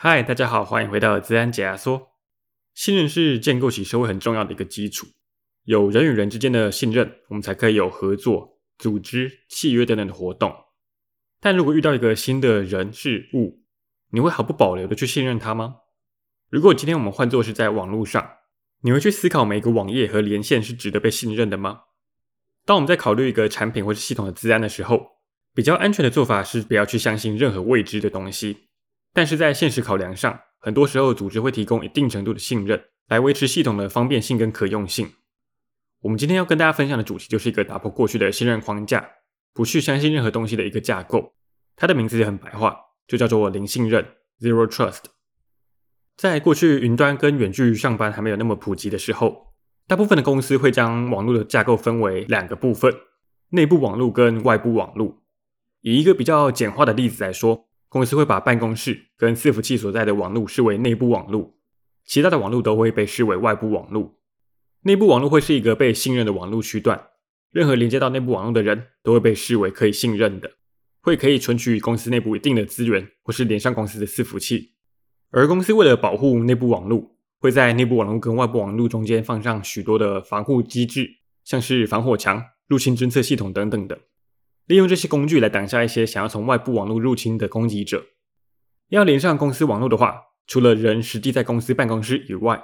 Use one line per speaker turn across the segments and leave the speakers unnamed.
嗨，大家好，歡迎回到《資安解壓縮》。信任是建構起社會很重要的一個基礎，有人與人之間的信任，我們才可以有合作、組織、契約等等的活動。但如果遇到一個新的人事物，你會毫不保留地去信任他嗎？如果今天我們換作是在網絡上，你會去思考每一個網頁和連線是值得被信任的嗎？當我們在考慮一個產品或是系統的資安的時候，比較安全的做法是不要去相信任何未知的東西。但是在現實考量上，很多時候組織會提供一定程度的信任，來維持系統的方便性跟可用性。我們今天要跟大家分享的主題，就是一個打破過去的信任框架，不去相信任何東西的一個架構。它的名字也很白話，就叫做零信任 （Zero Trust）。在過去，雲端跟遠距上班還沒有那麼普及的時候，大部分的公司會將網絡的架構分為兩個部分：內部網絡跟外部網絡。以一個比較簡化的例子來說。公司會把辦公室跟伺服器所在的網絡視為內部網絡，其他的網絡都會被視為外部網絡。內部網絡會是一個被信任的網絡區段，任何連接到內部網絡的人，都會被視為可以信任的，會可以存取公司內部一定的資源，或是連上公司的伺服器。而公司為了保護內部網絡，會在內部網絡跟外部網絡中間放上許多的防護機制，像是防火牆、入侵偵測系統等等的。利用這些工具來擋下一些想要從外部網絡入侵的攻擊者。要連上公司網絡的話，除了人實際在公司辦公室以外，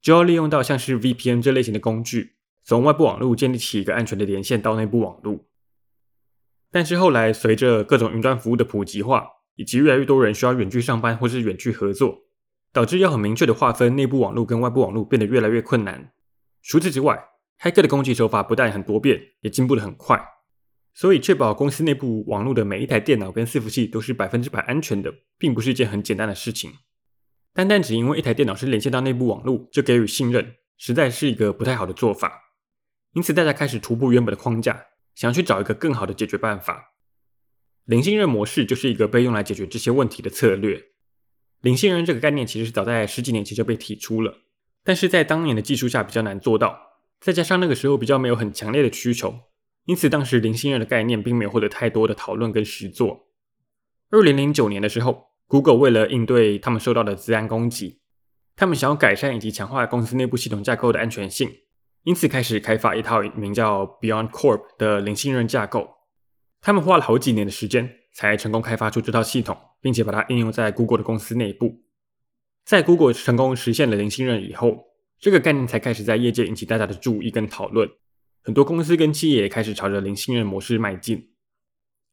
就要利用到像是 VPN 這類型的工具，從外部網絡建立起一個安全的連線到內部網絡。但是後來隨着各種雲端服務的普及化，以及越來越多人需要遠距上班或是遠距合作，導致要很明確的劃分內部網絡跟外部網絡變得越來越困難。除此之外，黑客的攻擊手法不但很多變，也進步得很快。所以，確保公司內部網絡的每一台電腦跟伺服器都是百分之百安全的，並不是一件很簡單的事情。單單只因為一台電腦是連接到內部網絡，就給予信任，實在是一個不太好的做法。因此，大家開始突破原本的框架，想要去找一個更好的解決辦法。零信任模式就是一個被用來解決這些問題的策略。零信任這個概念其實是早在十幾年前就被提出了，但是在當年的技術下比較難做到，再加上那個時候比較沒有很強烈的需求。因此，當時零信任的概念並沒有獲得太多的討論跟實作。二零零九年的時候，Google 為了應對他們受到的資安攻擊，他們想要改善以及強化公司內部系統架構的安全性，因此開始開發一套一名叫 BeyondCorp 的零信任架構。他們花了好幾年的時間，才成功開發出這套系統，並且把它應用在 Google 的公司內部。在 Google 成功實現了零信任以後，這個概念才開始在業界引起大家的注意跟討論。很多公司跟企業也開始朝着零信任模式邁進。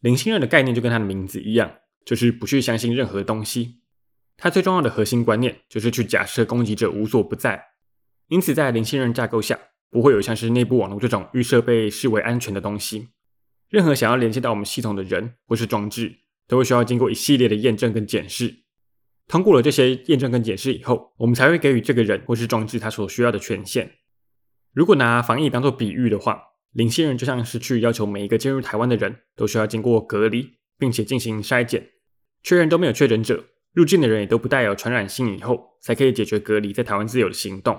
零信任的概念就跟它的名字一樣，就是不去相信任何東西。它最重要的核心觀念就是去假設攻擊者無所不在。因此，在零信任架構下，不會有像是內部網絡這種預設被視為安全的東西。任何想要連接到我們系統的人或是裝置，都會需要經過一系列的驗證跟檢視。通過了這些驗證跟檢視以後，我們才會給予這個人或是裝置他所需要的權限。如果拿防疫當做比喻的話，零信任就像是去要求每一個進入台灣的人都需要經過隔離，並且進行篩檢，確認都沒有確診者，入境的人也都不帶有傳染性以後，才可以解除隔離，在台灣自由的行動。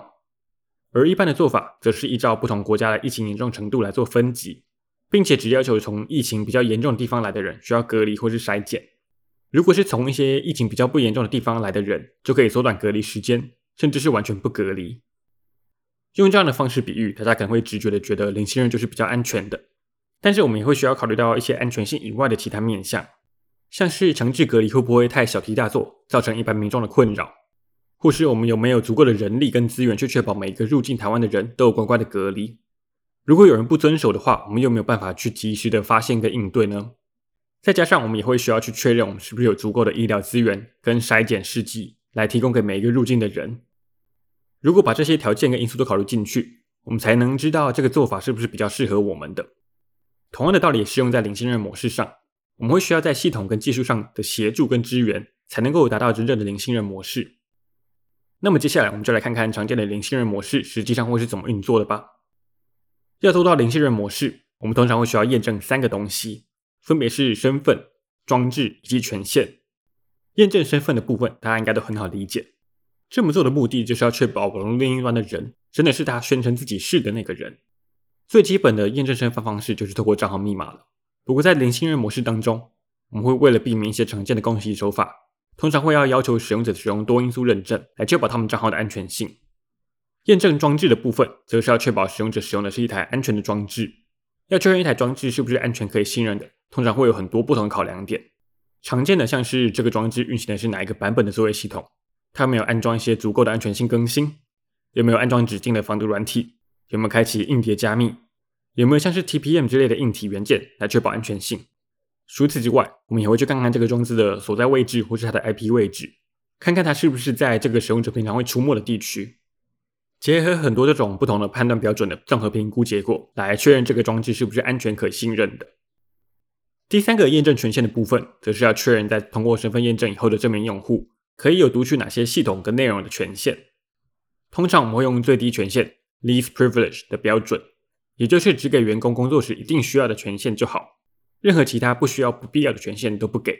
而一般的做法，則是依照不同國家的疫情嚴重程度來做分級，並且只要求從疫情比較嚴重的地方來的人需要隔離或是篩檢，如果是從一些疫情比較不嚴重的地方來的人，就可以縮短隔離時間，甚至是完全不隔離。用這樣的方式比喻，大家可能會直覺的覺得零信任就是比較安全的，但是我們也會需要考慮到一些安全性以外的其他面向，像是強制隔離會不會太小題大做，造成一般民眾的困擾，或是我們有沒有足夠的人力跟資源去確保每一個入境台灣的人都有乖乖的隔離？如果有人不遵守的話，我們有沒有辦法去及時的發現跟應對呢？再加上我們也會需要去確認我們是不是有足夠的醫療資源跟篩檢試劑來提供給每一個入境的人。如果把這些條件跟因素都考慮進去，我們才能知道這個做法是不是比較適合我們的。同樣的道理適用在零信任模式上，我們會需要在系統跟技術上的協助跟支援，才能夠達到真正的零信任模式。那麼接下來我們就來看看常見的零信任模式實際上會是怎麼運作的吧。要做到零信任模式，我們通常會需要驗證三個東西，分別是身份、裝置以及權限。驗證身份的部分，大家應該都很好理解。這麼做的目的就是要確保網絡另一端的人真的是他宣稱自己是的那個人。最基本的驗證身份方式就是透過賬號密碼了。不過在零信任模式當中，我們會為了避免一些常見的攻擊手法，通常會要要求使用者使用多因素認證來確保他們賬號的安全性。驗證裝置的部分，則是要確保使用者使用的是一台安全的裝置。要確認一台裝置是不是安全可以信任的，通常會有很多不同的考量點。常見的像是這個裝置運行的是哪一個版本的作業系統。他有沒有安裝一些足夠的安全性更新？有沒有安裝指定的防毒軟體？有沒有開啟硬碟加密？有沒有像是 TPM 之類的硬體元件來確保安全性？除此之外，我們也會去看看這個裝置的所在位置或是它的 IP 位置，看看它是不是在這個使用者平常會出沒的地區。結合很多這種不同的判斷標準的綜合評估結果，來確認這個裝置是不是安全可信任的。第三個驗證權限的部分，則是要確認在通過身份驗證以後的這名用戶。可以有讀取哪些系統跟內容的權限。通常我們會用最低權限 least privilege 的標準，也就是只給員工工作時一定需要的權限就好，任何其他不需要不必要的權限都不給。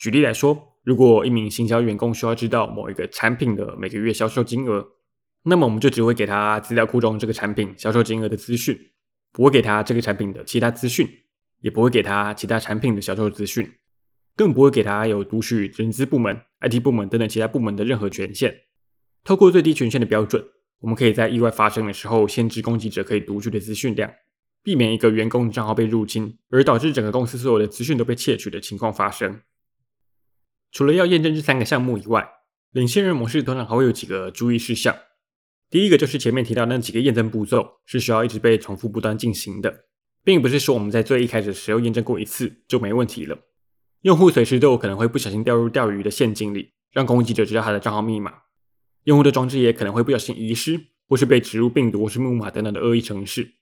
舉例來說，如果一名行銷員工需要知道某一個產品的每個月銷售金額，那麼我們就只會給他資料庫中這個產品銷售金額的資訊，不會給他這個產品的其他資訊，也不會給他其他產品的銷售資訊。更不會給他有讀取人資部門、IT 部門等等其他部門的任何權限。透過最低權限的標準，我們可以在意外發生的時候限制攻擊者可以讀取的資訊量，避免一個員工的賬號被入侵而導致整個公司所有的資訊都被竊取的情況發生。除了要驗證這三個項目以外，零信任模式通常還會有幾個注意事項。第一個就是前面提到那幾個驗證步驟是需要一直被重複不斷進行的，並不是說我們在最一開始的時候驗證過一次就沒問題了。用戶隨時都有可能會不小心掉入釣魚的陷阱裡，讓攻擊者知道他的賬號密碼。用戶的裝置也可能會不小心遺失，或是被植入病毒或是木馬等等的惡意程式。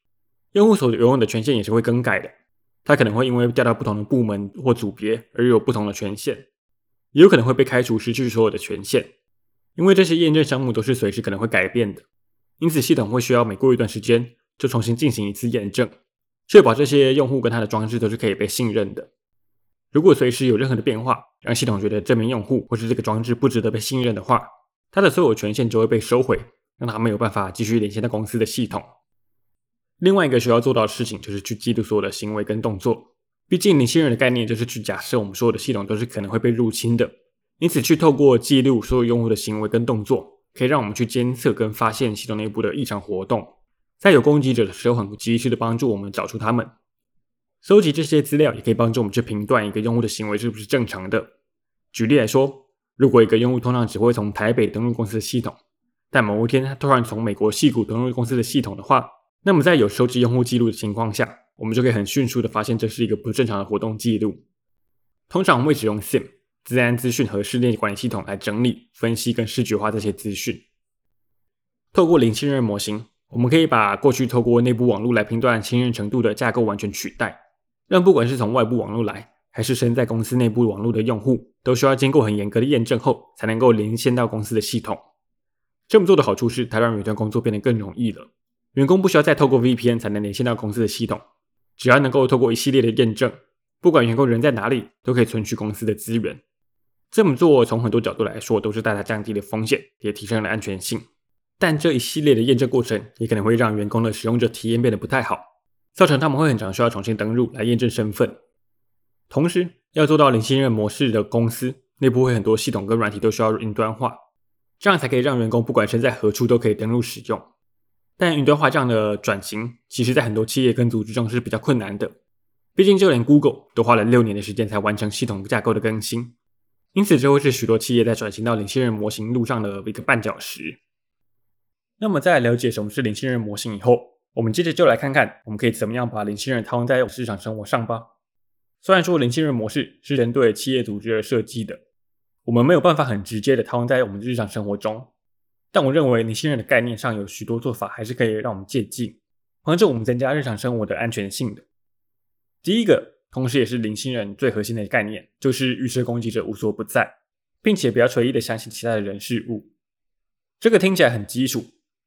用戶所擁有的權限也是會更改的，他可能會因為調到不同的部門或組別而有不同的權限，也有可能會被開除，失去所有的權限。因為這些驗證項目都是隨時可能會改變的，因此系統會需要每過一段時間就重新進行一次驗證，確保這些用戶跟他的裝置都是可以被信任的。如果隨時有任何的變化，讓系統覺得這名用戶或是這個裝置不值得被信任的話，他的所有權限就會被收回，讓他沒有辦法繼續連線到公司的系統。另外一個需要做到的事情，就是去記錄所有的行為跟動作。畢竟，零信任的概念就是去假設我們所有的系統都是可能會被入侵的，因此去透過記錄所有用戶的行為跟動作，可以讓我們去監測跟發現系統內部的異常活動，在有攻擊者的時候，很及時的幫助我們找出他們。收集這些資料也可以幫助我們去評斷一個用戶的行為是不是正常的。舉例來說，如果一個用戶通常只會從台北登錄公司的系統，但某一天他突然從美國矽谷登錄公司的系統的話，那麼在有收集用戶記錄的情況下，我們就可以很迅速的發現這是一個不正常的活動記錄。通常我們會使用 SIEM、資安資訊和事件管理系統來整理、分析跟視覺化這些資訊。透過零信任模型，我們可以把過去透過內部網路來評斷信任程度的架構完全取代。讓不管是從外部網絡來，還是身在公司內部網絡的用戶，都需要經過很嚴格的驗證後，才能夠連線到公司的系統。這麼做的好處是，它讓遠端工作變得更容易了。員工不需要再透過 VPN 才能連線到公司的系統，只要能夠透過一系列的驗證，不管員工人在哪裡，都可以存取公司的資源。這麼做從很多角度來說，都是大大降低了風險，也提升了安全性。但這一系列的驗證過程，也可能會讓員工的使用者體驗變得不太好。造成他們會很常需要重新登錄來驗證身份。同時要做到零信任模式的公司內部會很多系統跟軟體都需要雲端化，這樣才可以讓員工不管身在何處都可以登錄使用。但雲端化這樣的轉型，其實在很多企業跟組織中是比較困難的，畢竟就連 Google 都花了六年的時間才完成系統架構的更新，因此這會是許多企業在轉型到零信任模型路上的一個絆腳石。那麼在了解什麼是零信任模型以後，我們接着就來看看，我們可以怎麼樣把零信任套用在我們的日常生活上吧。雖然說零信任模式是針對企業組織而設計的，我們沒有辦法很直接的套用在我們的日常生活中。但我認為零信任的概念上有許多做法，還是可以讓我們借鑑，幫助我們增加日常生活的安全性的。第一個，同時也是零信任最核心的概念，就是預設攻擊者無所不在，並且不要隨意的相信其他的人事物。這個聽起來很基礎。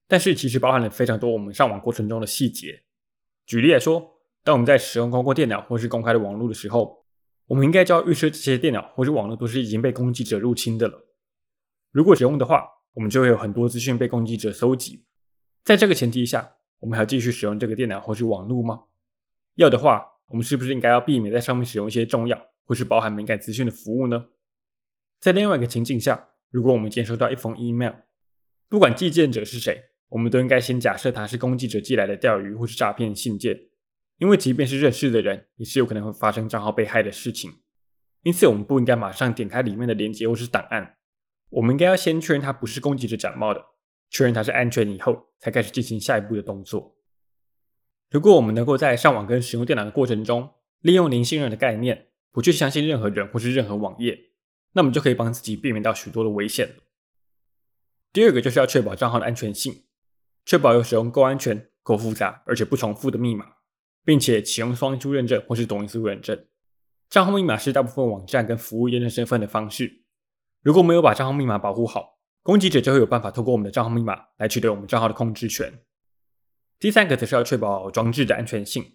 但是其實包含了非常多我們上網過程中的細節。舉例來說，當我們在使用公共電腦或是公開的網絡的時候，我們應該就要預設這些電腦或是網絡都是已經被攻擊者入侵的了。如果使用的話，我們就會有很多資訊被攻擊者搜集。在這個前提下，我們還要繼續使用這個電腦或是網絡嗎？要的話，我們是不是應該要避免在上面使用一些重要或是包含敏感資訊的服務呢？在另外一個情境下，如果我們接收到一封 email，不管寄件者是誰，我們都應該先假設它是攻擊者寄來的釣魚或是詐騙信件，因為即便是認識的人，也是有可能會發生賬號被害的事情。因此，我們不應該馬上點開裡面的連結、或是檔案，我們應該要先確認它不是攻擊者假冒的，確認它是安全以後，才開始進行下一步的動作。如果我們能夠在上網跟使用電腦的過程中，利用零信任的概念，不去相信任何人或是任何網頁，那麼就可以幫自己避免到許多的危險了。第二個就是要確保賬號的安全性。確保有使用夠安全、夠複雜，而且不重複的密碼，並且啟用雙因素認證或是多因素認證。賬號密碼是大部分網站跟服務驗證身份的方式。如果沒有把賬號密碼保護好，攻擊者就會有辦法透過我們的賬號密碼來取得我們賬號的控制權。第三個則是要確保裝置的安全性，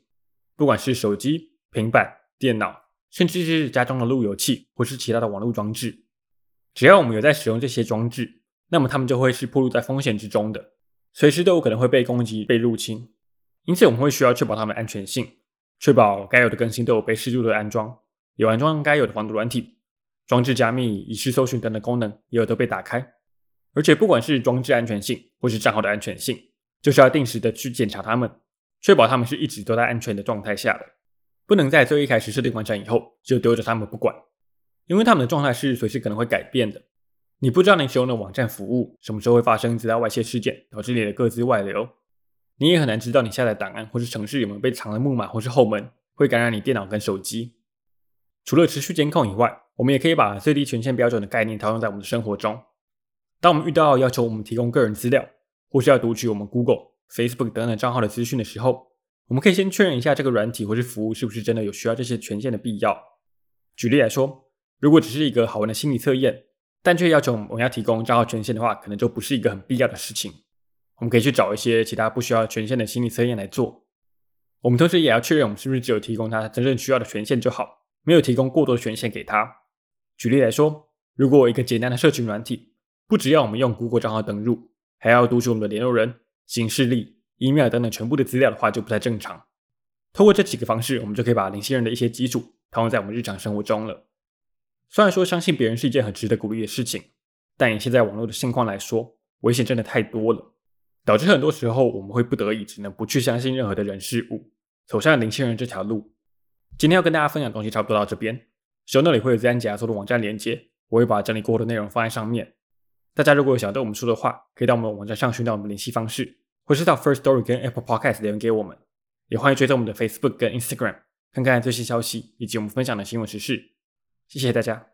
不管是手機、平板、電腦，甚至是家中的路由器或是其他的網絡裝置，只要我們有在使用這些裝置，那麼他們就會是暴露在風險之中的。隨時都有可能會被攻擊、被入侵，因此我們會需要確保它們安全性，確保該有的更新都有被適度的安裝，也安裝該有的防毒軟體，裝置加密、遺失搜尋等等功能也有都被打開。而且不管是裝置安全性或是賬號的安全性，就是要定時的去檢查它們，確保它們是一直都在安全的狀態下的，不能在最一開始設定完成以後就丟着它們不管，因為它們的狀態是隨時可能會改變的。你不知道你使用的網站服務什麼時候會發生資料外泄事件，導致你的個資外流。你也很難知道你下載檔案或是程式有沒有被藏的木馬或是後門，會感染你電腦跟手機。除了持續監控以外，我們也可以把最低權限標準的概念套用在我們的生活中。當我們遇到要求我們提供個人資料，或是要讀取我們 Google、Facebook 等等賬號的資訊的時候，我們可以先確認一下這個軟體或是服務是不是真的有需要這些權限的必要。舉例來說，如果只是一個好玩的心理測驗，但卻要求我們要提供賬號權限的話，可能就不是一個很必要的事情。我們可以去找一些其他不需要權限的心理測驗來做。我們同時也要確認我們是不是只有提供他真正需要的權限就好，沒有提供過多的權限給他。舉例來說，如果我一個簡單的社群軟體不只要我們用 Google 賬號登入，還要讀取我們的聯絡人、行事曆、email 等等全部的資料的話，就不太正常。透過這幾個方式，我們就可以把零信任的一些基礎套用在我們日常生活中了。雖然說相信別人是一件很值得鼓勵的事情，但以現在網絡的現況來說，危險真的太多了，導致很多時候我們會不得已只能不去相信任何的人事物。走上了零信任這條路，今天要跟大家分享的東西差不多到這邊，手那裡會有資源夾做的網站連接，我會把整理過後的內容放在上面。大家如果有想對我們說的話，可以到我們的網站上尋找我們的聯繫方式，或是到 Firstory 跟 Apple Podcast 留言給我們，也歡迎追蹤我們的 Facebook 跟 Instagram，看看最新消息以及我們分享的新聞時事。謝謝大家。